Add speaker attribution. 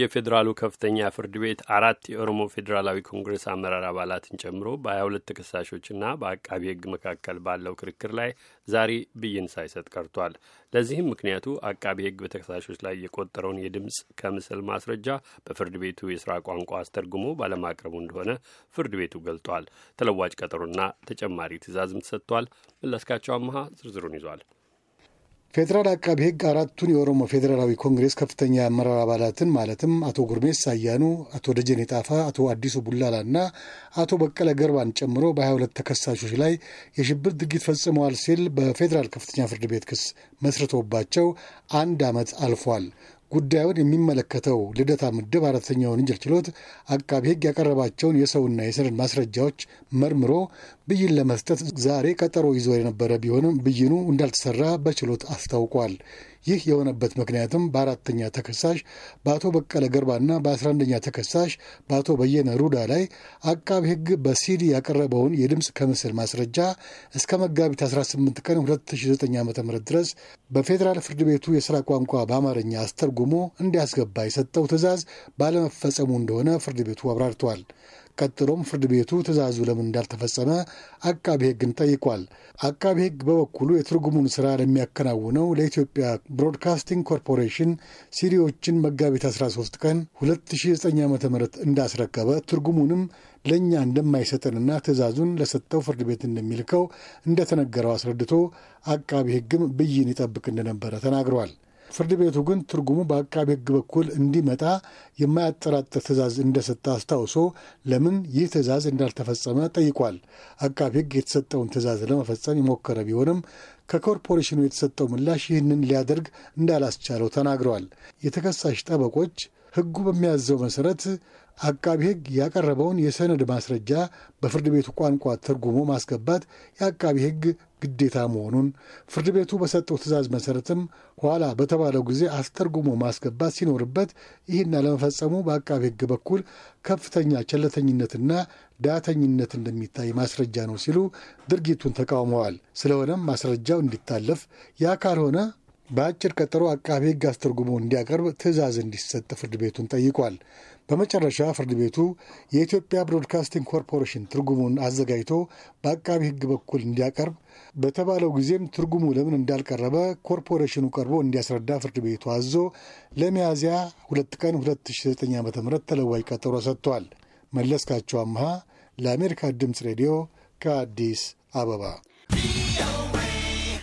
Speaker 1: የፌዴራሉ ከፍተኛ ፍርድ ቤት አራት የኦሮሞ ፌዴራላዊ ኮንግረስ አመራር አባላትን ጨምሮ በሀያ ሁለት ተከሳሾችና በአቃቢ ሕግ መካከል ባለው ክርክር ላይ ዛሬ ብይን ሳይሰጥ ቀርቷል። ለዚህም ምክንያቱ አቃቢ ሕግ በተከሳሾች ላይ የቆጠረውን የድምፅ ከምስል ማስረጃ በፍርድ ቤቱ የስራ ቋንቋ አስተርጉሞ ባለማቅረቡ እንደሆነ ፍርድ ቤቱ ገልጧል። ተለዋጭ ቀጠሮና ተጨማሪ ትዕዛዝም ተሰጥቷል። መለስካቸው አመሃ ዝርዝሩን ይዟል።
Speaker 2: ፌዴራል አቃቢ ሕግ አራቱን የኦሮሞ ፌዴራላዊ ኮንግሬስ ከፍተኛ የአመራር አባላትን ማለትም አቶ ጉርሜስ ሳያኑ አቶ ደጀኔ ጣፋ፣ አቶ አዲሱ ቡላላ እና አቶ በቀለ ገርባን ጨምሮ በ22 ተከሳሾች ላይ የሽብር ድርጊት ፈጽመዋል ሲል በፌዴራል ከፍተኛ ፍርድ ቤት ክስ መስርቶባቸው አንድ ዓመት አልፏል። ጉዳዩን የሚመለከተው ልደታ ምድብ አራተኛ ወንጀል ችሎት አቃቢ ሕግ ያቀረባቸውን የሰውና የሰነድ ማስረጃዎች መርምሮ ብይን ለመስጠት ዛሬ ቀጠሮ ይዞ የነበረ ቢሆንም ብይኑ እንዳልተሰራ በችሎት አስታውቋል። ይህ የሆነበት ምክንያትም በአራተኛ ተከሳሽ በአቶ በቀለ ገርባና በ11ኛ ተከሳሽ በአቶ በየነ ሩዳ ላይ አቃቢ ሕግ በሲዲ ያቀረበውን የድምፅ ከምስል ማስረጃ እስከ መጋቢት 18 ቀን 2009 ዓ ም ድረስ በፌዴራል ፍርድ ቤቱ የሥራ ቋንቋ በአማርኛ አስተርጉሞ እንዲያስገባ የሰጠው ትዕዛዝ ባለመፈጸሙ እንደሆነ ፍርድ ቤቱ አብራርተዋል። ቀጥሎም ፍርድ ቤቱ ትዕዛዙ ለምን እንዳልተፈጸመ አቃቢ ሕግን ጠይቋል። አቃቢ ሕግ በበኩሉ የትርጉሙን ስራ ለሚያከናውነው ለኢትዮጵያ ብሮድካስቲንግ ኮርፖሬሽን ሲዲዎችን መጋቢት 13 ቀን 2009 ዓ ም እንዳስረከበ ትርጉሙንም ለእኛ እንደማይሰጠንና ትዕዛዙን ለሰጠው ፍርድ ቤት እንደሚልከው እንደተነገረው አስረድቶ አቃቢ ሕግም ብይን ይጠብቅ እንደነበረ ተናግሯል። ፍርድ ቤቱ ግን ትርጉሙ በአቃቤ ሕግ በኩል እንዲመጣ የማያጠራጥር ትዕዛዝ እንደሰጠ አስታውሶ ለምን ይህ ትዕዛዝ እንዳልተፈጸመ ጠይቋል። አቃቤ ሕግ የተሰጠውን ትዕዛዝ ለመፈጸም የሞከረ ቢሆንም ከኮርፖሬሽኑ የተሰጠው ምላሽ ይህንን ሊያደርግ እንዳላስቻለው ተናግረዋል። የተከሳሽ ጠበቆች ሕጉ በሚያዘው መሠረት አቃቢ ሕግ ያቀረበውን የሰነድ ማስረጃ በፍርድ ቤቱ ቋንቋ ትርጉሙ ማስገባት የአቃቢ ሕግ ግዴታ መሆኑን ፍርድ ቤቱ በሰጠው ትእዛዝ መሰረትም ኋላ በተባለው ጊዜ አስተርጉሞ ማስገባት ሲኖርበት ይህን አለመፈጸሙ በአቃቤ ሕግ በኩል ከፍተኛ ቸለተኝነትና ዳተኝነት እንደሚታይ ማስረጃ ነው ሲሉ ድርጊቱን ተቃውመዋል። ስለሆነም ማስረጃው እንዲታለፍ ያ ካልሆነ በአጭር ቀጠሮ አቃቤ ሕግ አስተርጉሞ እንዲያቀርብ ትዕዛዝ እንዲሰጥ ፍርድ ቤቱን ጠይቋል። በመጨረሻ ፍርድ ቤቱ የኢትዮጵያ ብሮድካስቲንግ ኮርፖሬሽን ትርጉሙን አዘጋጅቶ በአቃቢ ሕግ በኩል እንዲያቀርብ በተባለው ጊዜም ትርጉሙ ለምን እንዳልቀረበ ኮርፖሬሽኑ ቀርቦ እንዲያስረዳ ፍርድ ቤቱ አዞ ለሚያዝያ ሁለት ቀን 2009 ዓ ም ተለዋጭ ቀጠሮ ሰጥቷል። መለስካቸው አምሃ ለአሜሪካ ድምፅ ሬዲዮ ከአዲስ አበባ